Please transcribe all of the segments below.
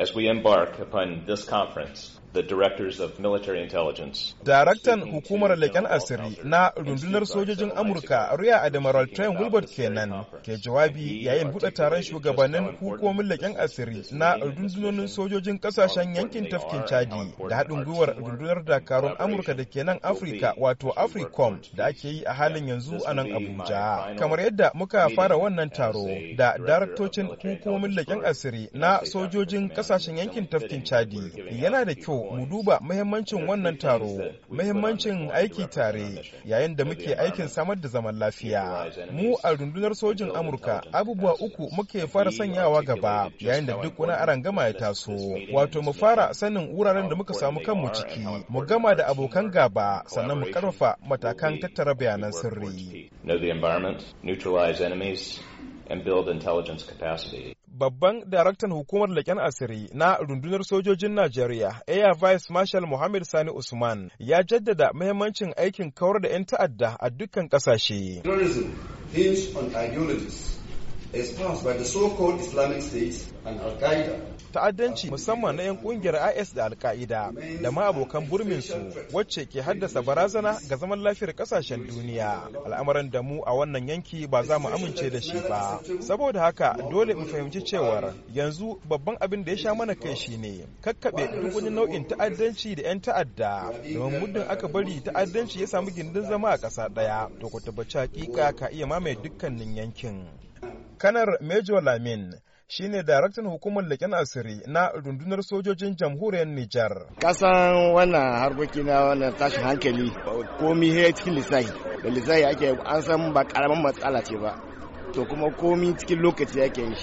as we embark upon this conference. the directors of military intelligence. Daraktan hukumar leƙen asiri na rundunar sojojin Amurka Rear Admiral Trent Wilbert kenan ke jawabi yayin buɗe taron shugabannin hukumomin leƙen asiri na rundunonin sojojin ƙasashen yankin tafkin Chadi da haɗin gwiwar rundunar dakarun Amurka da ke nan Afirka wato Africom da ake yi a halin yanzu a nan Abuja. Kamar yadda muka fara wannan taro da daraktocin hukumomin leƙen asiri na sojojin ƙasashen yankin tafkin Chadi yana da kyau mu duba mahimmancin wannan taro, mahimmancin aiki tare yayin da muke aikin samar da zaman lafiya. Mu a rundunar sojin Amurka abubuwa uku muke fara sanyawa gaba yayin da duk wani gama ya taso. Wato mu fara sanin wuraren da muka samu kanmu ciki, mu gama da abokan gaba sannan mu karfafa matakan tattara bayanan sirri. Know the environment, capacity. babban daraktan hukumar Laƙen asiri na rundunar sojojin Najeriya, Air Vice Marshal Muhammad Sani Usman, ya jaddada mahimmancin aikin kawar da 'yan ta'adda a dukkan ƙasashe. Terrorism on ideologies Ta'addanci musamman na 'yan kungiyar IS da Al-Qaeda da ma abokan burminsu wacce ke haddasa barazana ga zaman lafiyar kasashen duniya. Al'amuran da mu a wannan yanki ba za mu amince da shi ba. Saboda haka dole mu fahimci cewar yanzu babban abin da ya sha mana kai shi ne. kakkaɓe duk wani nau'in ta'addanci da 'yan ta'adda domin muddin aka bari ta'addanci ya samu gindin zama a ƙasa ɗaya to ku tabbaci hakika ka iya mamaye dukkanin yankin. kanar Major Lamin shine daraktan hukumar leƙen asiri na rundunar sojojin jamhuriyar Nijar. Kasan wannan harkoki na wannan tashin hankali komi he cikin lissahi da lissahi ake an san ba karamin matsala ce ba to kuma komi cikin lokaci ake yi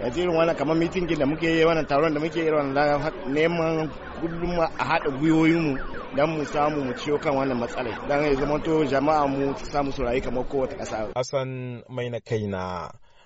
yanzu irin wannan kamar mitin da muke yi wannan taron da muke yi wannan neman kullum a haɗa gwiwoyinmu don mu samu mu ciyo kan wannan matsalai don ya zama to jama'a mu samu su rayu kamar kowace ƙasa. Hassan mai na kaina